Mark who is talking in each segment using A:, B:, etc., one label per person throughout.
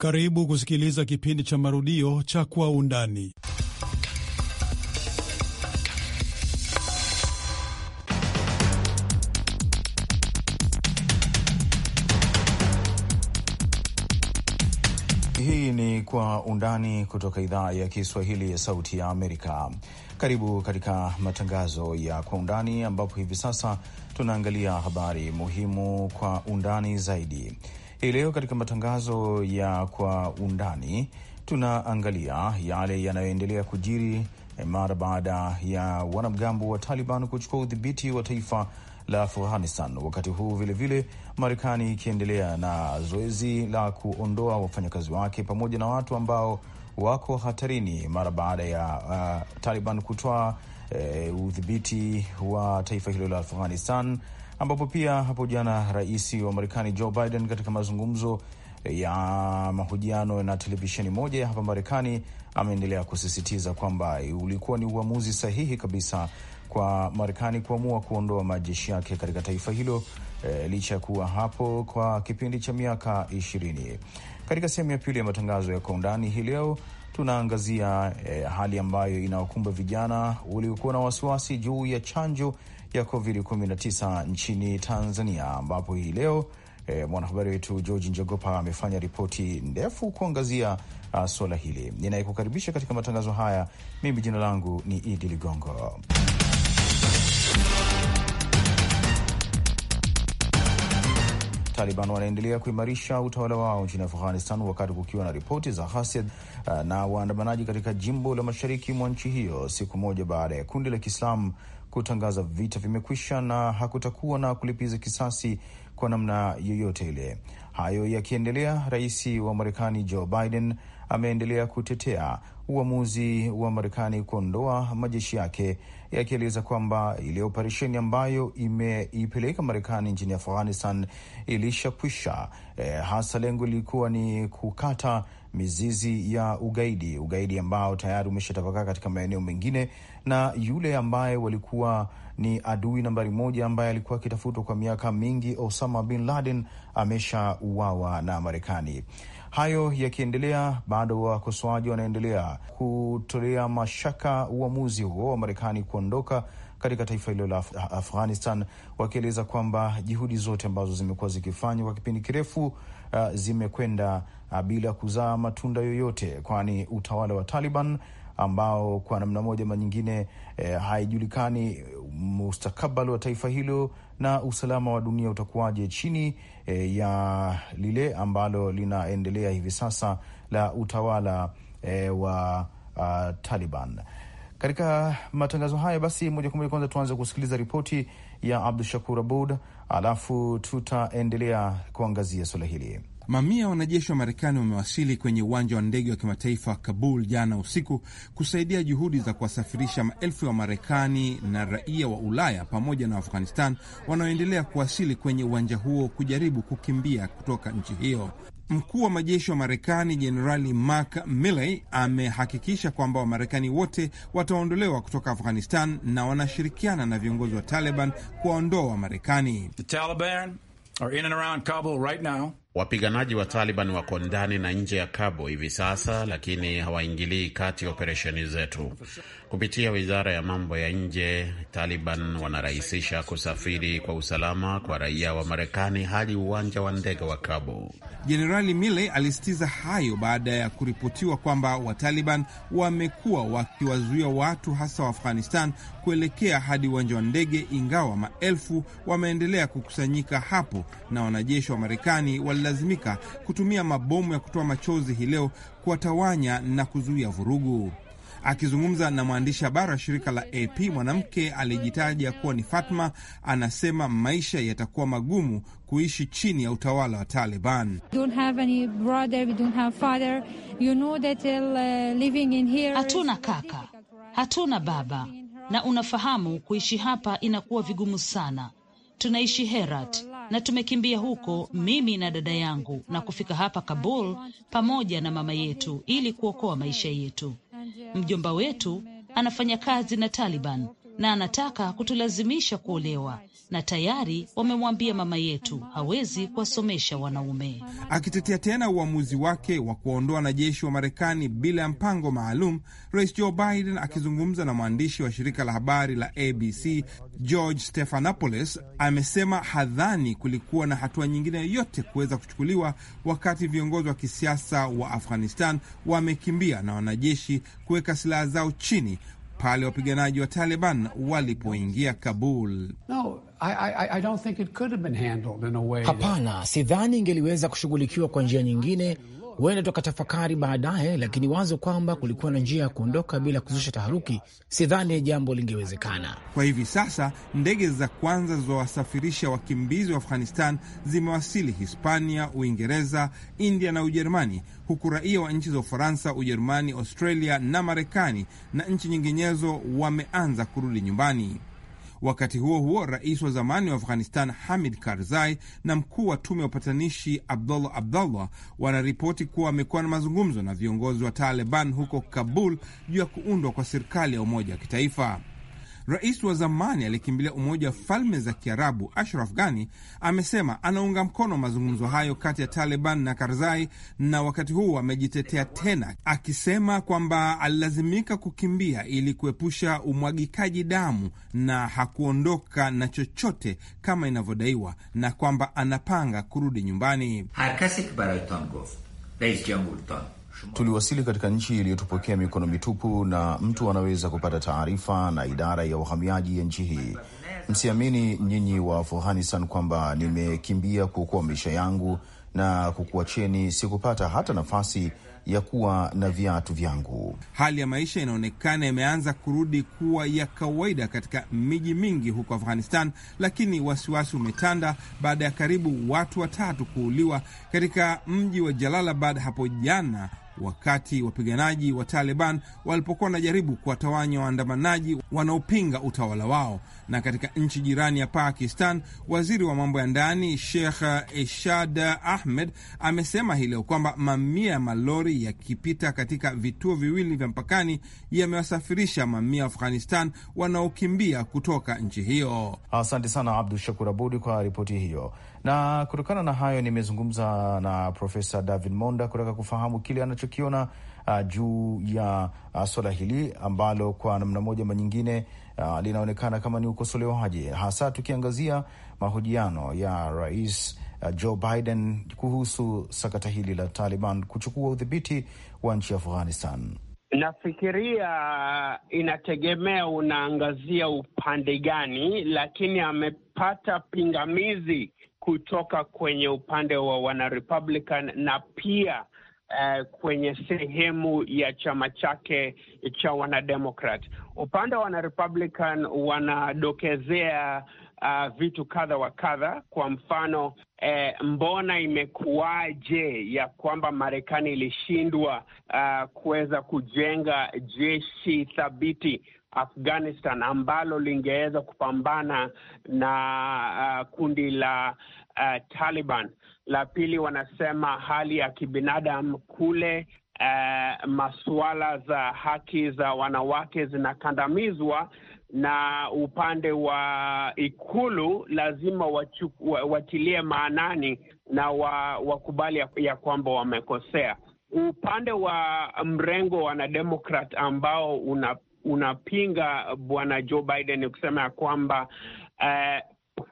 A: Karibu kusikiliza kipindi cha marudio cha Kwa Undani.
B: Hii ni Kwa Undani kutoka idhaa ya Kiswahili ya Sauti ya Amerika. Karibu katika matangazo ya Kwa Undani ambapo hivi sasa tunaangalia habari muhimu kwa undani zaidi. Hii leo katika matangazo ya kwa undani tunaangalia yale yanayoendelea kujiri eh, mara baada ya wanamgambo wa Taliban kuchukua udhibiti wa taifa la Afghanistan, wakati huu vilevile Marekani ikiendelea na zoezi la kuondoa wafanyakazi wake pamoja na watu ambao wako hatarini mara baada ya uh, Taliban kutoa uh, udhibiti wa taifa hilo la Afghanistan ambapo pia hapo jana rais wa Marekani Joe Biden katika mazungumzo ya mahojiano na televisheni moja ya hapa Marekani ameendelea kusisitiza kwamba ulikuwa ni uamuzi sahihi kabisa kwa Marekani kuamua kuondoa majeshi yake katika taifa hilo e, licha ya kuwa hapo kwa kipindi cha miaka ishirini. Katika sehemu ya pili ya matangazo ya kwa undani hii leo tunaangazia e, hali ambayo inawakumba vijana waliokuwa na wasiwasi juu ya chanjo ya COVID-19 nchini Tanzania, ambapo hii leo e, mwanahabari wetu George Njogopa amefanya ripoti ndefu kuangazia uh, suala hili. Ninayekukaribisha katika matangazo haya mimi, jina langu ni Idi Ligongo. Taliban wanaendelea kuimarisha utawala wao nchini Afghanistan wakati kukiwa na ripoti za ghasia ah, na waandamanaji katika jimbo la mashariki mwa nchi hiyo, siku moja baada ya kundi la Kiislamu kutangaza vita vimekwisha na hakutakuwa na kulipiza kisasi kwa namna yoyote ile. Hayo yakiendelea, rais wa Marekani Joe Biden ameendelea kutetea uamuzi wa Marekani kuondoa majeshi yake, yakieleza kwamba ile operesheni ambayo imeipeleka Marekani nchini Afghanistan ilishakwisha. E, eh, hasa lengo lilikuwa ni kukata mizizi ya ugaidi, ugaidi ambao tayari umeshatapakaa katika maeneo mengine, na yule ambaye walikuwa ni adui nambari moja ambaye alikuwa akitafutwa kwa miaka mingi, Osama bin Laden ameshauawa na Marekani. Hayo yakiendelea, bado wakosoaji wanaendelea kutolea mashaka uamuzi huo wa Marekani kuondoka katika taifa hilo la Af Afghanistan, wakieleza kwamba juhudi zote ambazo zimekuwa zikifanywa kwa kipindi kirefu uh, zimekwenda uh, bila kuzaa matunda yoyote, kwani utawala wa Taliban ambao kwa namna moja ama nyingine eh, haijulikani mustakabali wa taifa hilo na usalama wa dunia utakuwaje chini eh, ya lile ambalo linaendelea hivi sasa la utawala eh, wa uh, Taliban katika matangazo haya. Basi moja kwa moja, kwanza tuanze kusikiliza ripoti ya Abdu Shakur Abud, alafu tutaendelea kuangazia suala hili.
C: Mamia ya wanajeshi wa Marekani wamewasili kwenye uwanja wa ndege wa kimataifa wa Kabul jana usiku kusaidia juhudi za kuwasafirisha maelfu ya Wamarekani na raia wa Ulaya pamoja na Afghanistan wanaoendelea kuwasili kwenye uwanja huo kujaribu kukimbia kutoka nchi hiyo. Mkuu wa majeshi wa Marekani Jenerali Mark Milley amehakikisha kwamba Wamarekani wote wataondolewa kutoka Afghanistan na wanashirikiana na viongozi wa Taliban kuwaondoa Wamarekani. The
B: Taliban are in and around Kabul right now. Wapiganaji wa
A: Taliban wako ndani na nje ya Kabo hivi sasa, lakini hawaingilii kati operesheni zetu. Kupitia wizara ya mambo ya nje, Taliban wanarahisisha kusafiri kwa usalama kwa raia wa Marekani hadi uwanja wa ndege wa Kabo.
C: Jenerali Milley alisitiza hayo baada ya kuripotiwa kwamba Wataliban wamekuwa wakiwazuia watu hasa wa Afghanistan kuelekea hadi uwanja wa ndege, ingawa maelfu wameendelea kukusanyika hapo, na wanajeshi wa Marekani walilazimika kutumia mabomu ya kutoa machozi hii leo kuwatawanya na kuzuia vurugu. Akizungumza na mwandishi habari wa shirika la AP, mwanamke aliyejitaja kuwa ni Fatma anasema maisha yatakuwa magumu kuishi chini ya utawala wa Taliban.
D: Uh,
E: hatuna kaka,
D: hatuna baba na unafahamu kuishi hapa inakuwa vigumu sana. Tunaishi Herat na tumekimbia huko, mimi na dada yangu, na kufika hapa Kabul pamoja na mama yetu ili kuokoa maisha yetu. Mjomba wetu anafanya kazi na Taliban na anataka kutulazimisha kuolewa na tayari wamemwambia mama yetu hawezi kuwasomesha wanaume.
C: Akitetea tena uamuzi wake wa kuwaondoa wanajeshi wa Marekani bila ya mpango maalum, Rais Joe Biden akizungumza na mwandishi wa shirika la habari la ABC George Stephanopoulos amesema hadhani kulikuwa na hatua nyingine yoyote kuweza kuchukuliwa wakati viongozi wa kisiasa wa Afghanistan wamekimbia na wanajeshi kuweka silaha zao chini pale wapiganaji wa Taliban walipoingia Kabul.
F: No, hapana, sidhani ingeliweza kushughulikiwa kwa njia
B: nyingine huenda tukatafakari baadaye, lakini wazo kwamba kulikuwa na njia ya kuondoka bila
C: kuzusha taharuki, sidhani jambo lingewezekana. Kwa hivi sasa ndege za kwanza zilizowasafirisha wakimbizi wa Afghanistan zimewasili Hispania, Uingereza, India na Ujerumani, huku raia wa nchi za Ufaransa, Ujerumani, Australia na Marekani na nchi nyinginezo wameanza kurudi nyumbani. Wakati huo huo, rais wa zamani wa Afghanistan Hamid Karzai na mkuu wa tume ya upatanishi Abdullah Abdullah wanaripoti kuwa wamekuwa na mazungumzo na viongozi wa Taliban huko Kabul juu ya kuundwa kwa serikali ya umoja wa kitaifa. Rais wa zamani aliyekimbilia Umoja wa Falme za Kiarabu Ashraf Ghani amesema anaunga mkono mazungumzo hayo kati ya Taliban na Karzai, na wakati huu amejitetea tena akisema kwamba alilazimika kukimbia ili kuepusha umwagikaji damu na hakuondoka na chochote kama inavyodaiwa, na kwamba anapanga kurudi nyumbani.
B: Tuliwasili katika nchi iliyotupokea mikono mitupu, na mtu anaweza kupata taarifa na idara ya uhamiaji ya nchi hii. Msiamini nyinyi wa Afghanistan kwamba nimekimbia kuokoa maisha yangu na kukuacheni, sikupata hata nafasi ya kuwa na viatu vyangu.
C: Hali ya maisha inaonekana imeanza kurudi kuwa ya kawaida katika miji mingi huko Afghanistan, lakini wasiwasi umetanda baada ya karibu watu watatu kuuliwa katika mji wa Jalalabad hapo jana wakati wapiganaji wa Taliban walipokuwa wanajaribu kuwatawanya waandamanaji wanaopinga utawala wao. Na katika nchi jirani ya Pakistan, waziri wa mambo ya ndani Sheikh Eshad Ahmed amesema hii leo kwamba mamia ya malori yakipita katika vituo viwili vya mpakani yamewasafirisha mamia Afghanistan wanaokimbia kutoka nchi hiyo. Asante sana
B: Abdu Shakur Abudi kwa ripoti hiyo. Na kutokana na hayo nimezungumza na Profesa David Monda kutaka kufahamu kile anachokiona uh, juu ya uh, swala hili ambalo kwa namna moja ama nyingine uh, linaonekana kama ni ukosolewaji, hasa tukiangazia mahojiano ya Rais uh, Joe Biden kuhusu sakata hili la Taliban kuchukua udhibiti wa nchi ya Afghanistan.
F: Nafikiria inategemea unaangazia upande gani, lakini amepata pingamizi kutoka kwenye upande wa wanarepublican na pia Uh, kwenye sehemu ya chama chake cha wanademokrat. Upande wa wanarepublican wanadokezea uh, vitu kadha wa kadha. Kwa mfano eh, mbona imekuwaje ya kwamba Marekani ilishindwa uh, kuweza kujenga jeshi thabiti Afghanistan ambalo lingeweza kupambana na uh, kundi la uh, Taliban. La pili, wanasema hali ya kibinadamu kule Uh, masuala za haki za wanawake zinakandamizwa na upande wa Ikulu lazima wachu, watilie maanani na wa, wakubali ya, ya kwamba wamekosea. Upande wa mrengo wanademokrat ambao una, unapinga bwana Joe Biden kusema ya kwamba eh,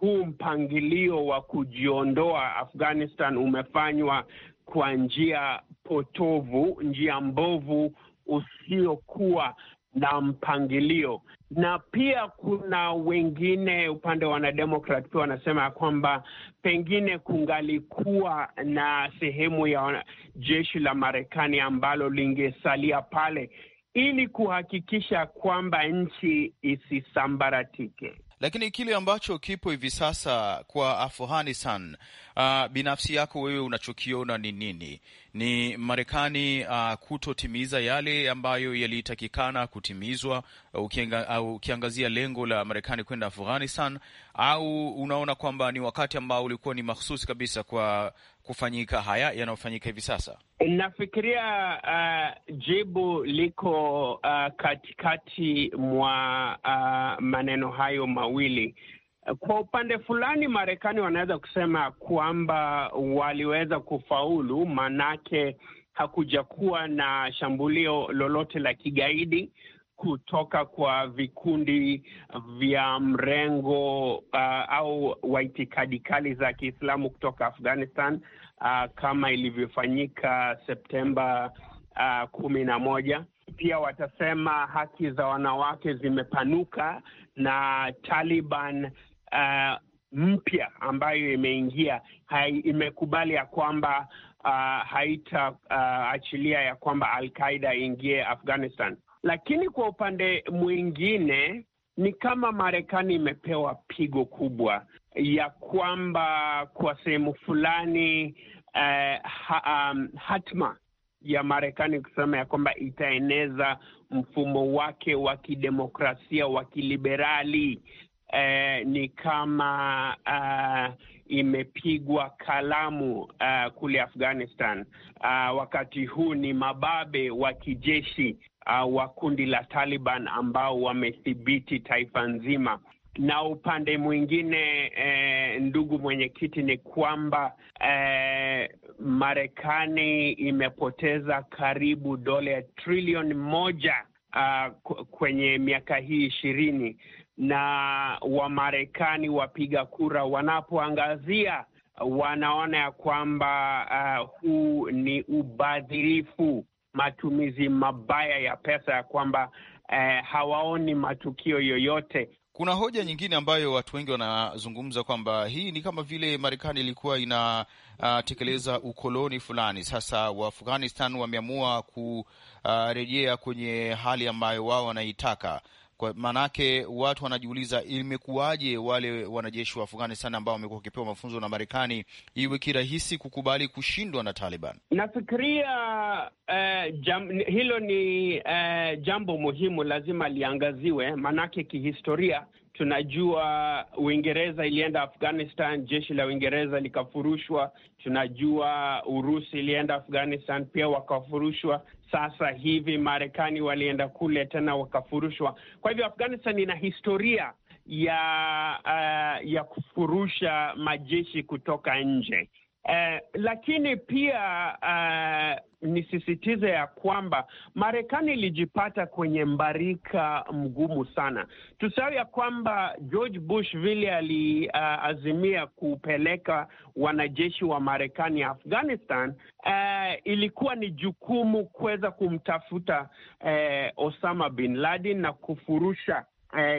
F: huu mpangilio wa kujiondoa Afghanistan umefanywa kwa njia potovu, njia mbovu, usiokuwa na mpangilio na pia kuna wengine upande wa wanademokrat pia wanasema ya kwamba pengine kungalikuwa na sehemu ya jeshi la Marekani ambalo lingesalia pale ili kuhakikisha kwamba nchi isisambaratike.
B: Lakini kile ambacho kipo hivi sasa kwa Afghanistan, uh, binafsi yako wewe unachokiona ni nini? Ni Marekani uh, kutotimiza yale ambayo yalitakikana kutimizwa, uh, ukiangazia lengo la Marekani kwenda Afghanistan, au unaona kwamba ni wakati ambao ulikuwa ni mahsusi kabisa kwa kufanyika haya yanayofanyika hivi sasa?
F: Nafikiria uh, jibu liko uh, katikati mwa uh, maneno hayo mawili. Kwa upande fulani, Marekani wanaweza kusema kwamba waliweza kufaulu, maanake hakujakuwa na shambulio lolote la kigaidi kutoka kwa vikundi vya mrengo uh, au wa itikadi kali za Kiislamu kutoka Afghanistan uh, kama ilivyofanyika Septemba uh, kumi na moja. Pia watasema haki za wanawake zimepanuka na Taliban uh, mpya ambayo imeingia hai, imekubali ya kwamba uh, haitaachilia uh, ya kwamba Al-Qaida iingie Afghanistan. Lakini kwa upande mwingine ni kama Marekani imepewa pigo kubwa ya kwamba kwa sehemu fulani eh, ha, um, hatma ya Marekani kusema ya kwamba itaeneza mfumo wake wa kidemokrasia wa kiliberali eh, ni kama uh, imepigwa kalamu uh, kule Afghanistan. Uh, wakati huu ni mababe wa kijeshi uh, wa kundi la Taliban ambao wamethibiti taifa nzima na upande mwingine eh, ndugu mwenyekiti, ni kwamba eh, Marekani imepoteza karibu dola ya trilioni moja uh, kwenye miaka hii ishirini, na Wamarekani wapiga kura wanapoangazia wanaona ya kwamba uh, huu ni ubadhirifu matumizi mabaya ya pesa ya kwamba eh, hawaoni matukio yoyote. Kuna hoja nyingine ambayo watu wengi wanazungumza
B: kwamba hii ni kama vile Marekani ilikuwa inatekeleza ah, uh, ukoloni fulani. Sasa Waafghanistan wameamua kurejea uh, kwenye hali ambayo wao wanaitaka. Kwa maanake watu wanajiuliza imekuwaje wale wanajeshi wa Afghanistan ambao wamekuwa wakipewa mafunzo na Marekani iwe kirahisi kukubali kushindwa na Taliban?
F: Nafikiria uh, jam, hilo ni uh, jambo muhimu lazima liangaziwe, maanake kihistoria Tunajua Uingereza ilienda Afghanistan, jeshi la Uingereza likafurushwa. Tunajua Urusi ilienda Afghanistan pia wakafurushwa. Sasa hivi Marekani walienda kule tena wakafurushwa. Kwa hivyo Afghanistan ina historia ya, uh, ya kufurusha majeshi kutoka nje. Eh, lakini pia uh, nisisitize ya kwamba Marekani ilijipata kwenye mbarika mgumu sana. Tusahau ya kwamba George Bush vile aliazimia eh, uh, kupeleka wanajeshi wa Marekani Afghanistan, uh, ilikuwa ni jukumu kuweza kumtafuta uh, Osama bin Laden na kufurusha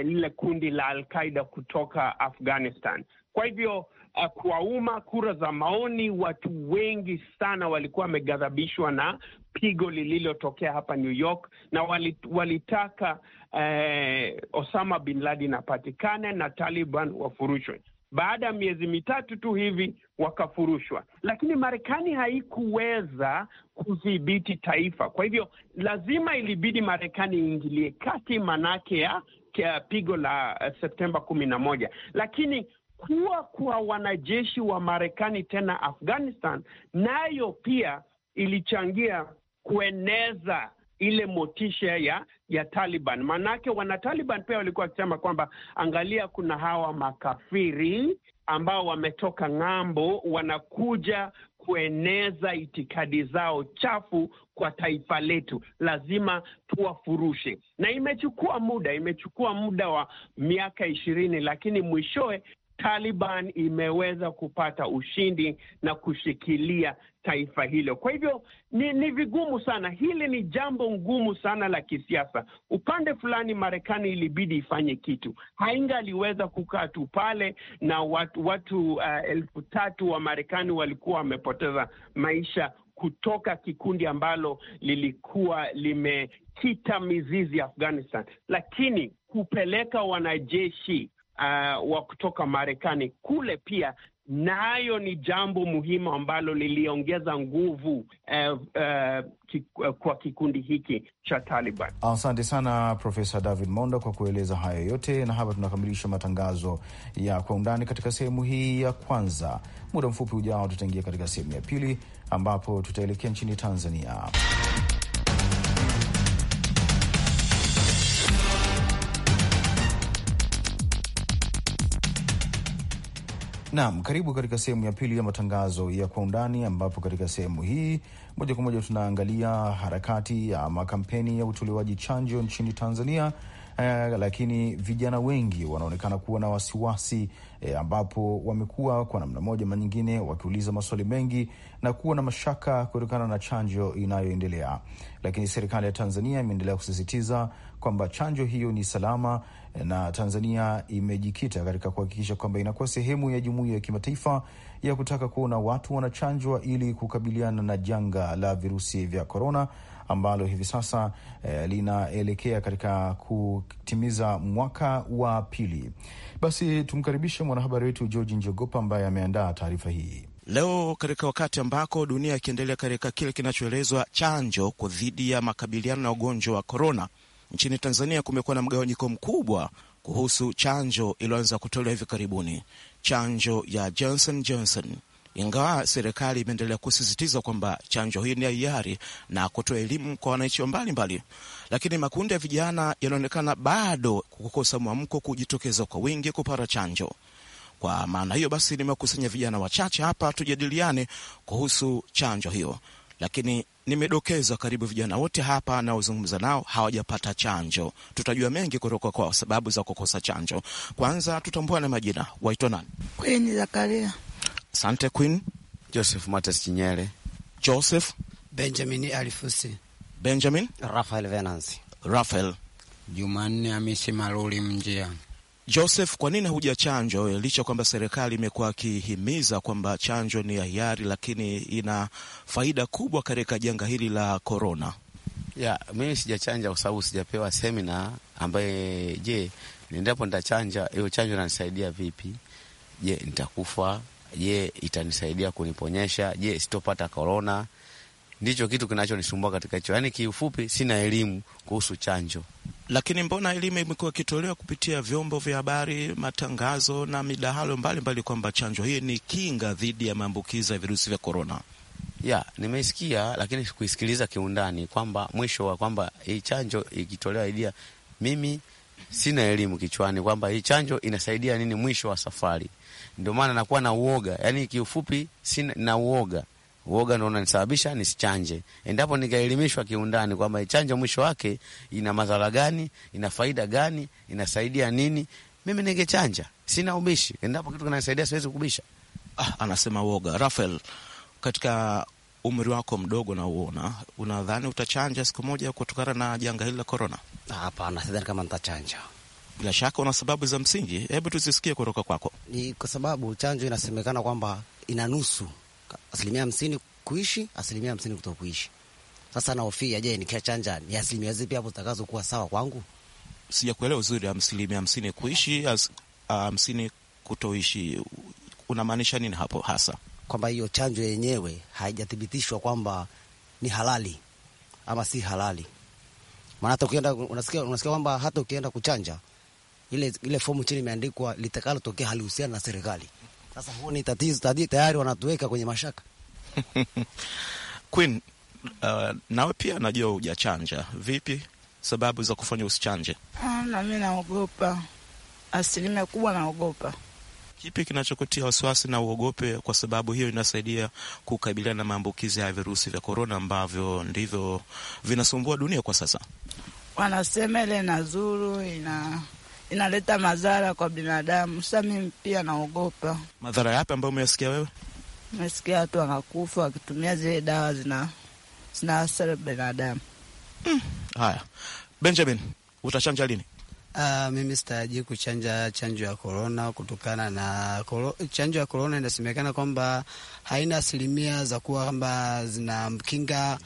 F: lile kundi la Al-Qaida kutoka Afghanistan. Kwa hivyo uh, eh, kwa umma, kura za maoni, watu wengi sana walikuwa wameghadhabishwa na pigo lililotokea hapa New York na walitaka eh, Osama bin Laden apatikane na Taliban wafurushwe. Baada ya miezi mitatu tu hivi wakafurushwa, lakini Marekani haikuweza kudhibiti taifa. Kwa hivyo lazima ilibidi Marekani iingilie kati, manake ya pigo la eh, Septemba kumi na moja, lakini kuwa kwa wanajeshi wa Marekani tena Afghanistan, nayo pia ilichangia kueneza ile motisha ya ya Taliban. Maanake wana Taliban pia walikuwa wakisema kwamba angalia, kuna hawa makafiri ambao wametoka ng'ambo wanakuja kueneza itikadi zao chafu kwa taifa letu, lazima tuwafurushe na imechukua muda, imechukua muda wa miaka ishirini, lakini mwishowe Taliban imeweza kupata ushindi na kushikilia taifa hilo. Kwa hivyo ni, ni vigumu sana, hili ni jambo ngumu sana la kisiasa. Upande fulani, Marekani ilibidi ifanye kitu, haingaliweza kukaa tu pale na watu, watu uh, elfu tatu wa Marekani walikuwa wamepoteza maisha kutoka kikundi ambalo lilikuwa limekita mizizi Afghanistan, lakini kupeleka wanajeshi uh, wa kutoka Marekani kule pia nayo ni jambo muhimu ambalo liliongeza nguvu eh, eh, kwa kikundi hiki cha Taliban.
B: Asante sana Profesa David Monda kwa kueleza hayo yote, na hapa tunakamilisha matangazo ya kwa undani katika sehemu hii ya kwanza. Muda mfupi ujao, tutaingia katika sehemu ya pili ambapo tutaelekea nchini Tanzania. Naam, karibu katika sehemu ya pili ya matangazo ya kwa undani, ambapo katika sehemu hii moja kwa moja tunaangalia harakati ama kampeni ya utolewaji chanjo nchini Tanzania eh, lakini vijana wengi wanaonekana kuwa na wasiwasi eh, ambapo wamekuwa kwa namna moja ama nyingine wakiuliza maswali mengi na kuwa na mashaka kutokana na chanjo inayoendelea. Lakini serikali ya Tanzania imeendelea kusisitiza kwamba chanjo hiyo ni salama eh, na Tanzania imejikita katika kuhakikisha kwamba inakuwa sehemu ya jumuiya ya kimataifa ya kutaka kuona watu wanachanjwa ili kukabiliana na janga la virusi vya korona ambalo hivi sasa eh, linaelekea katika kutimiza mwaka wa pili. Basi tumkaribishe mwanahabari wetu George Njogopa ambaye ameandaa taarifa hii.
A: Leo katika wakati ambako dunia ikiendelea katika kile kinachoelezwa chanjo kwa dhidi ya makabiliano na ugonjwa wa korona, nchini Tanzania kumekuwa na mgawanyiko mkubwa kuhusu chanjo iliyoanza kutolewa hivi karibuni, chanjo ya Johnson Johnson ingawa serikali imeendelea kusisitiza kwamba chanjo hii ni ya hiari na kutoa elimu kwa wananchi wa mbalimbali, lakini makundi ya vijana yanaonekana bado kukosa mwamko kujitokeza kwa wingi kupata chanjo. Kwa maana hiyo basi, nimekusanya vijana wachache hapa tujadiliane kuhusu chanjo hiyo, lakini nimedokeza karibu vijana wote hapa naozungumza nao hawajapata chanjo. Tutajua mengi kutoka kwa sababu za kukosa chanjo. Kwanza tutambua na majina, waitwa nani?
D: Kweni Zakaria.
G: Sante Queen, Joseph Mates Chinyere, Joseph
D: Benjamin Alifusi,
G: Benjamin Rafael Venansi, Rafael
A: Jumanne Amisi Maruli Mjia. Joseph, kwa nini huja chanjo licha kwamba serikali imekuwa ikihimiza kwamba chanjo ni hiari, lakini ina faida kubwa katika janga hili la korona?
G: Ya, mimi sijachanja kwa sababu sijapewa semina ambaye, je, niendapo nitachanja hiyo chanjo inanisaidia vipi? Je, nitakufa Je, itanisaidia kuniponyesha? Je, sitopata korona? Ndicho kitu kinachonisumbua katika hicho, yaani kiufupi, sina elimu kuhusu chanjo.
A: Lakini mbona elimu imekuwa ikitolewa kupitia vyombo vya habari, matangazo na midahalo mbalimbali kwamba chanjo hii ni
G: kinga dhidi ya maambukizi ya virusi vya korona? Ya, nimeisikia lakini kuisikiliza kiundani, kwamba mwisho wa kwamba hii chanjo ikitolewa idia, mimi sina elimu kichwani kwamba hii chanjo inasaidia nini mwisho wa safari ndio maana nakuwa na uoga, Yani kiufupi, sina na uoga. Uoga ndo unanisababisha nisichanje. Endapo nikaelimishwa kiundani kwamba chanjo mwisho wake ina madhara gani, ina faida gani, inasaidia nini, mimi ningechanja. Sina ubishi, endapo kitu kinanisaidia siwezi kubisha. Ah, anasema uoga. Rafael, katika umri wako
A: mdogo nauona, unadhani utachanja siku moja kutokana na janga hili la korona? Hapana, sidhani kama nitachanja. Bila shaka una sababu za msingi, hebu tuzisikie kutoka kwako.
H: Ni kwa sababu chanjo inasemekana kwamba ina nusu asilimia hamsini kuishi, asilimia hamsini kutokuishi. Sasa naofia, je, nikichanja ni asilimia zipi hapo zitakazokuwa sawa kwangu?
A: Sijakuelewa uzuri. Asilimia hamsini kuishi, ah, hamsini kutoishi, unamaanisha nini hapo hasa?
H: Kwamba hiyo chanjo yenyewe haijathibitishwa kwamba ni halali ama si halali. Maana hata ukienda unasikia, unasikia kwamba hata ukienda kuchanja ile, ile fomu chini imeandikwa litakalotokea halihusiana na serikali. Sasa huo ni tatizo tadi, tayari wanatuweka kwenye mashaka
A: Queen, uh, nawe pia najua hujachanja. Vipi sababu za kufanya usichanje?
D: Ah, na mi naogopa, asilimia kubwa naogopa.
A: Kipi kinachokutia wasiwasi na uogope? Kwa sababu hiyo inasaidia kukabiliana na maambukizi ya virusi vya korona ambavyo ndivyo vinasumbua dunia kwa sasa.
D: Wanasema ile nazuru ina inaleta madhara kwa binadamu. Sasa mimi pia naogopa.
A: Madhara yapi ambayo umeyasikia wewe?
D: Mesikia watu wanakufa wakitumia zile dawa zina zinaasara binadamu.
A: Mm. Haya, Benjamin, utachanja
D: lini? Uh, mimi sitaraji kuchanja chanjo ya korona kutokana na koro, chanjo ya korona inasemekana kwamba haina asilimia za kuwa kwamba zinamkinga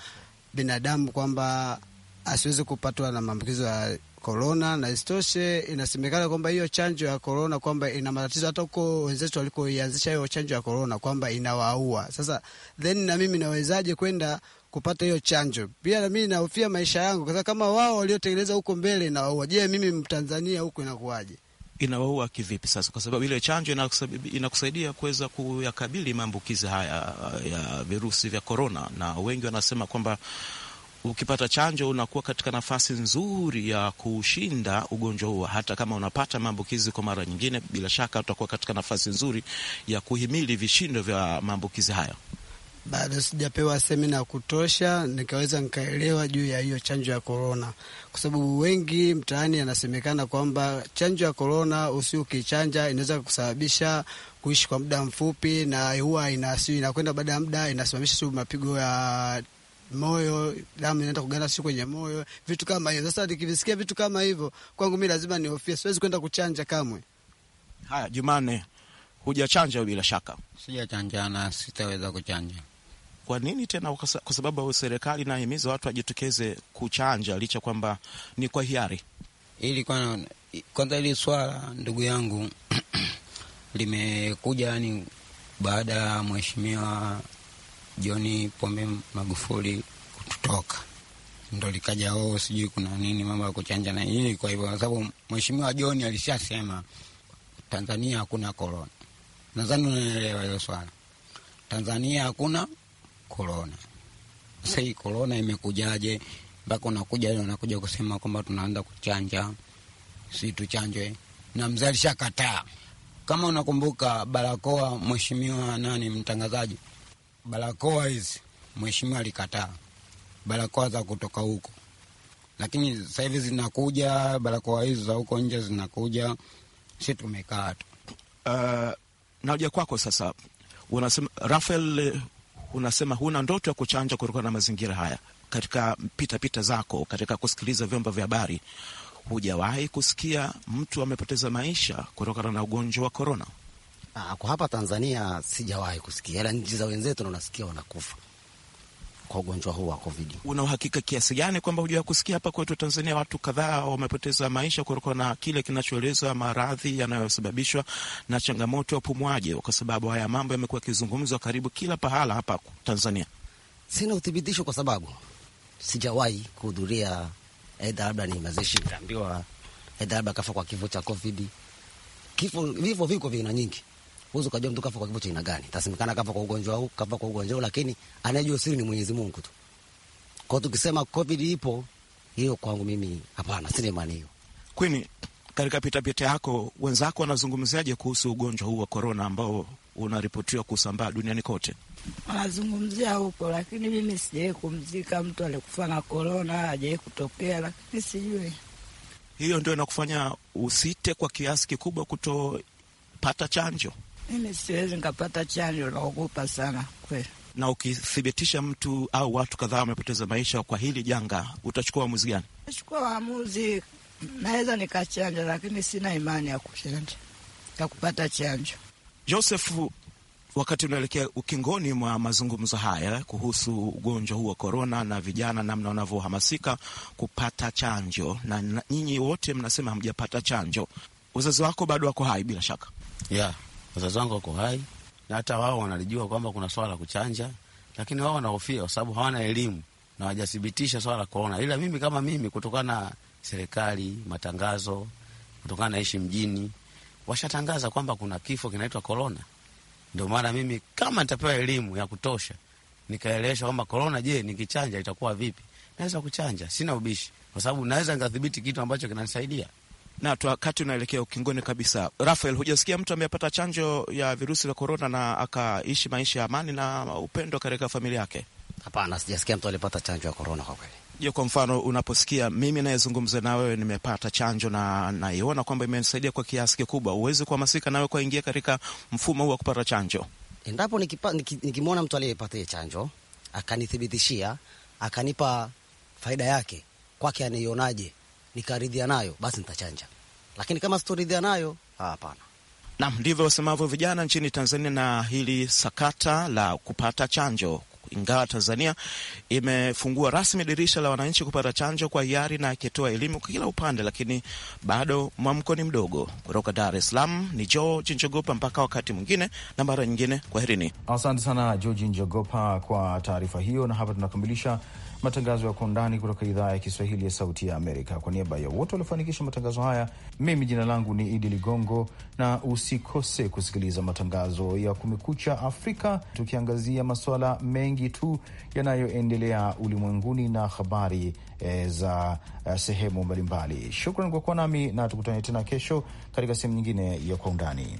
D: binadamu kwamba asiwezi kupatwa na maambukizo ya korona, na isitoshe inasemekana kwamba hiyo chanjo ya korona kwamba ina matatizo, hata huko wenzetu walikoianzisha hiyo chanjo ya korona kwamba inawaua. Sasa then na mimi nawezaje kwenda kupata hiyo chanjo? Pia na mimi nahofia maisha yangu, kwa sababu kama wao waliotengeneza huko mbele inawaua, je, mimi Mtanzania huko inakuwaje?
A: inawaua kivipi sasa? Kwa sababu ile chanjo inakusaidia kuweza kuyakabili maambukizi haya ya virusi vya korona, na wengi wanasema kwamba ukipata chanjo unakuwa katika nafasi nzuri ya kushinda ugonjwa huo. Hata kama unapata maambukizi kwa mara nyingine, bila shaka utakuwa katika nafasi nzuri ya kuhimili vishindo vya maambukizi hayo.
D: Bado sijapewa semina ya kutosha nikaweza nikaelewa juu ya hiyo chanjo ya korona, kwa sababu wengi mtaani anasemekana kwamba chanjo ya korona usi ukichanja inaweza kusababisha kuishi kwa muda mfupi, na huwa inakwenda baada ya muda inasimamisha mapigo ya moyo, damu inaenda kuganda, si kwenye moyo, vitu kama hivyo. Sasa nikivisikia vitu kama hivyo, kwangu mi lazima nihofie, siwezi kwenda kuchanja kamwe. Haya, Jumane, hujachanja bila shaka?
G: Sijachanja na sitaweza kuchanja. Kwa nini tena? Kwa
A: sababu serikali inahimiza watu wajitokeze kuchanja licha kwamba ni kwa hiari.
G: Ili kwanza, ili swala ndugu yangu limekuja yani baada ya mheshimiwa John Pombe Magufuli kututoka, ndo likaja oo, oh, sijui kuna nini mambo ya kuchanja na hii. Kwa hivyo, sababu mheshimiwa John alishasema Tanzania hakuna korona, nadhani unaelewa hilo swala. Tanzania hakuna korona. Sasa hii korona imekujaje mpaka unakuja leo unakuja kusema kwamba tunaanza kuchanja, si tuchanjwe na mzee alishakataa. Kama unakumbuka barakoa, mheshimiwa nani mtangazaji barakoa hizi mheshimiwa alikataa barakoa za kutoka huko, lakini sasa hivi zinakuja barakoa hizi za huko nje zinakuja, si tumekaa tu. Uh,
A: naoja kwako sasa, unasema Rafael, unasema huna ndoto ya kuchanja kutokana na mazingira haya. Katika pitapita pita zako, katika kusikiliza vyombo vya habari, hujawahi kusikia mtu amepoteza maisha kutokana na ugonjwa wa korona? Ah, kwa
H: hapa Tanzania sijawahi kusikia, ila nchi za wenzetu nasikia wanakufa kwa ugonjwa huu wa COVID. Una
A: uhakika kiasi gani kwamba hujawahi kusikia hapa kwetu Tanzania watu kadhaa wamepoteza maisha kutokana na kile kinachoelezwa maradhi yanayosababishwa na changamoto ya upumuaji? Kwa sababu haya mambo yamekuwa yakizungumzwa karibu kila pahala hapa Tanzania. Sina uthibitisho
H: kwa sababu sijawahi kuhudhuria, aidha labda ni mazishi kaambiwa, aidha labda kafa kwa kifo cha COVID. Kifo, vifo viko vina nyingi huwezi ukajua mtu kafa kwa kifo cha aina gani. Tasemekana kafa kwa ugonjwa huu, kafa kwa ugonjwa huu, lakini anayejua siri ni Mwenyezi Mungu tu. Kwa tukisema COVID ipo hiyo, kwangu mimi hapana, sina imani hiyo.
A: Kwani katika pitapita yako wenzako wanazungumziaje kuhusu ugonjwa huu wa korona ambao unaripotiwa kusambaa duniani kote?
D: Wanazungumzia huko, lakini mimi sijawai kumzika mtu alikufa na korona, ajawai kutokea, lakini sijui.
A: Hiyo ndio inakufanya usite kwa kiasi kikubwa kutopata chanjo?
D: Mimi siwezi nikapata chanjo, naogopa sana kweli.
A: Na ukithibitisha mtu au watu kadhaa wamepoteza maisha kwa hili janga, utachukua uamuzi gani?
D: Nachukua waamuzi, naweza nikachanja, lakini sina imani ya kuchanja ya kupata chanjo.
A: Joseph, wakati unaelekea ukingoni mwa mazungumzo haya kuhusu ugonjwa huu wa korona na vijana namna wanavyohamasika kupata chanjo, na nyinyi wote
G: mnasema hamjapata chanjo, wazazi wako bado wako hai bila shaka, yeah wazazi wangu wako hai na hata wao wanalijua kwamba kuna swala la kuchanja, lakini wao wanahofia kwa sababu hawana elimu na hawajathibitisha swala la korona. Ila mimi kama mimi, kutokana na serikali matangazo, kutokana na ishi mjini, washatangaza kwamba kuna kifo kinaitwa korona. Ndio maana mimi kama nitapewa elimu ya kutosha, nikaeleweshwa kwamba korona, je, nikichanja itakuwa vipi, naweza kuchanja, sina ubishi, kwa sababu naweza nikadhibiti kitu ambacho kinanisaidia na wakati unaelekea ukingoni kabisa. Rafael, hujasikia mtu amepata chanjo ya
A: virusi vya korona na akaishi maisha ya amani na upendo katika familia yake? Hapana, sijasikia
H: mtu alipata chanjo ya korona kwa kweli.
A: Je, kwa mfano unaposikia mimi nayezungumza na wewe nimepata chanjo na naiona kwamba imenisaidia kwa kiasi kikubwa, huwezi kuhamasika nawe kuingia katika mfumo
H: huu wa kupata chanjo? Endapo nikimwona niki mtu aliyepata hiyo chanjo akanithibitishia akanipa faida yake kwake, anaionaje, nikaridhia nayo, basi nitachanja lakini kama sitoridhia nayo, hapana. Nam, ndivyo wasemavyo vijana nchini
A: Tanzania na hili sakata la kupata chanjo ingawa Tanzania imefungua rasmi dirisha la wananchi kupata chanjo kwa hiari na ikitoa elimu kwa kila upande, lakini bado mwamko ni mdogo. Kutoka Dar es Salaam ni George Njogopa. Mpaka wakati mwingine na mara nyingine, kwaherini.
B: Asante sana George Njogopa kwa taarifa hiyo, na hapa tunakamilisha matangazo ya kwa undani kutoka idhaa ya Kiswahili ya Sauti ya Amerika. Kwa niaba ya wote waliofanikisha matangazo haya, mimi jina langu ni Idi Ligongo, na usikose kusikiliza matangazo ya Kumekucha Afrika, tukiangazia masuala mengi tu yanayoendelea ulimwenguni na habari e, za e, sehemu mbalimbali. Shukran kwa kuwa nami na tukutane tena kesho katika sehemu nyingine ya kwa undani.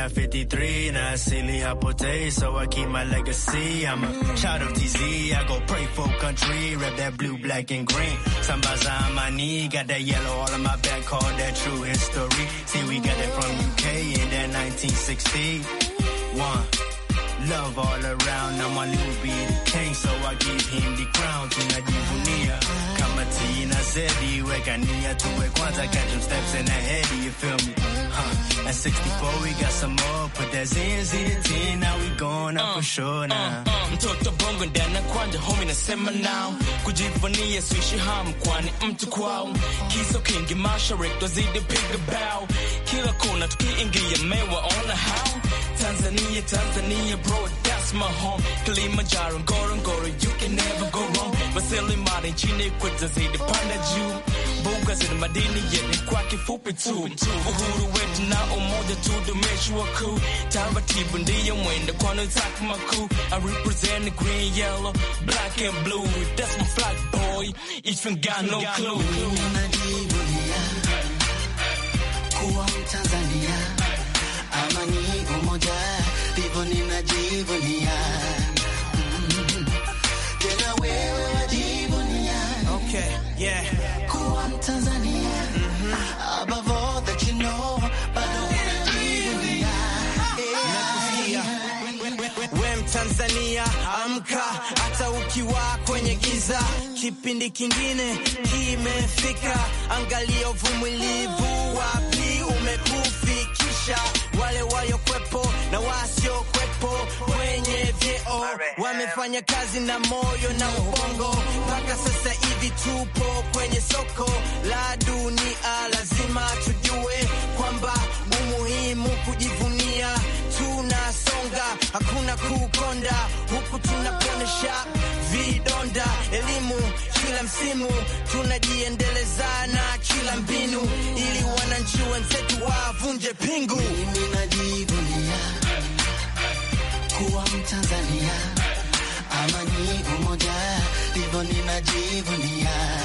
E: not 53, not silly hot potato, so I keep my legacy. I'm a child of TZ, I go pray for country, rep that blue, black, and green. Sambaza on my knee, got that yellow all on my back, call that true history. See, we got that from UK in that 1961. Love all around, I'm a little bit king, so I give him the crown. Tunajivunia kama Kania to it, Kwanzaa, catch them steps in that heady, you feel me? Huh. At 64, we got some more, put that ZNZ to 10, now we going up uh, for sure now. Uh, uh, uh. mtoto bongo ndani ya kwanja, homie nasema now, kujivunia suishi hamu, kwani mtu kwao, kiso kingi mashariki twazidi piga bao, kila kona tukiingia, mewaona how Tanzania, Tanzania, bro, that's my home. Kilimanjaro, Ngorongoro, you can never go wrong. Masili mara nchini kwetu zaidi panda juu mbuga zina madini yenye kwa kifupi tu uhuru wetu na umoja tudumishi wa taratibu ndiyo mwendo kwani zake makuu I represent green yellow black and blue that's my flag boy if you got no clue kuwa Tanzania amani umoja ndivyo ninajivunia Tanzania, amka hata ukiwa kwenye giza, kipindi kingine kimefika. Angalia uvumilivu wapi umekufikisha, wale waliokwepo na wasiokwepo kwenye vyeo wamefanya kazi na moyo na ubongo, mpaka sasa hivi tupo kwenye soko la dunia. Lazima tujue kwamba umuhimu kujivunia tunasonga, hakuna kukonda, huku tunaponesha vidonda, elimu kila msimu, tunajiendeleza na kila mbinu, ili wananchi wenzetu wavunje pingu. Mimi najivunia kuwa Mtanzania, amani, umoja, hivyo ninajivunia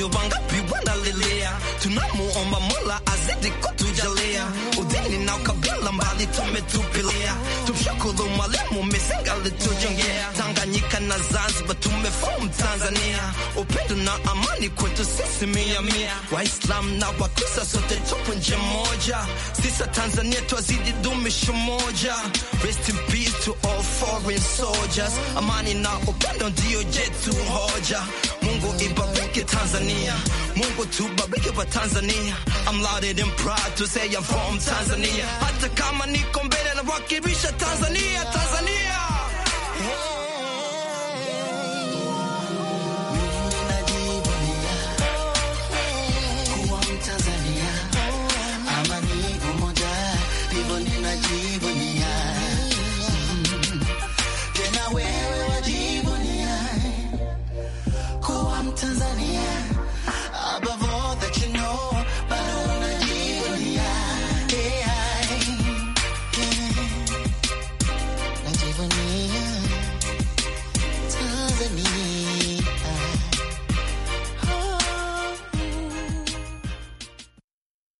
E: ndiyo wangapi wanalilia, tunamuomba Mola azidi kutujalia, udini na ukabila mbali tumetupilia, tumshukuru mwalimu misingi alitujengea, Tanganyika na Zanzibar tumefomu Tanzania, upendo na amani kwetu sisi mia mia, Waislamu na Wakristo sote tupo nje moja, sisa Tanzania twazidi dumisha moja, rest in peace to all foreign soldiers, amani na upendo ndiyo jetu hoja Mungu ibariki Tanzania, Mungu tubariki wa Tanzania. I'm loaded and proud to say I'm from Tanzania, hata kama niko mbele na wakilisha Tanzania, Tanzania